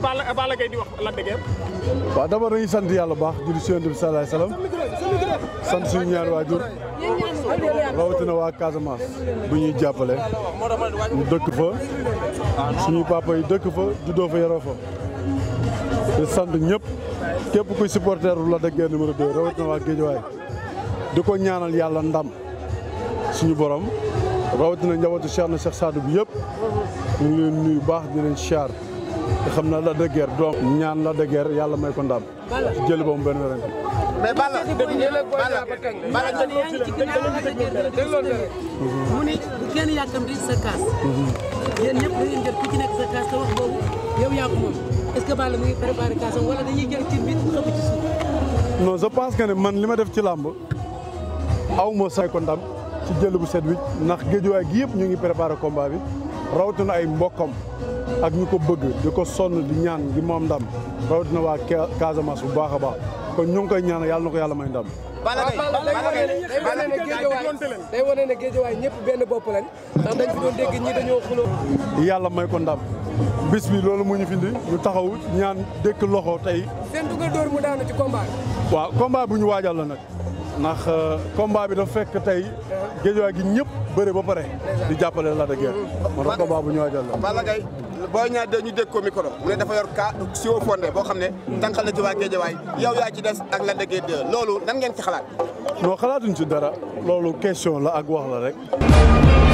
Balla Balla dañuy sant yàlla bu baax julli ci Yonent bi salaay sant suñu ñaari waajur rawatina waa Casamance bu ñuy jàppale ñu dëkk fa suñu papa yi dëkk fa juddoo fa yaroo fa di sant ñëpp képp kuy supporter wu Lac de Guiers numéro rawatina waa Guédiawaye di ko ñaanal yàlla ndam suñu borom rawatina njabootu Cheikh na Cheikh Sadou bi yëpp ñu ngi leen nuyu baax di leen siyaar te xam na Lac de Guiers doom ñaan Lac je pense que man li ma def ci làmb aw ma say ci jël bu set wi ndax géejuwaay gi yëpp ñu ngi préparé combat bi rawatina ay mbokkam ak ñu ko bëgg di ko sonn di ñaan di moom ndam rawatina waa Casamance bu baax a baax kon ñu koy ñaan yàlla na ko yàlla may ndam. Balla Gaye ñëpp benn bopp lañ dañ fi doon dégg ñi dañoo xuloo yàlla may ko ndam bis bi loolu mu ñu findi ñu taxaw ñaan dëkk loxo tey seen dugal mu daanu ci combat waaw combat bu ñu waajal la nag ndax euh, combat bi dafa fekk tey géejuwaay gi ñëpp bëre ba pare di jàppale Lac de Guiers moo tax combat bu ñu waajal la Balla Gaye boo ñaa de ñu dégg ko mu ne dafa yor ka siwo fondé boo xam ne tànqal na ci waa géejuwaay yow yaa ci des ak la de Guiers 2 loolu nan ngeen ci xalaat xalaat xalaatuñ si dara loolu question la ak wax la rek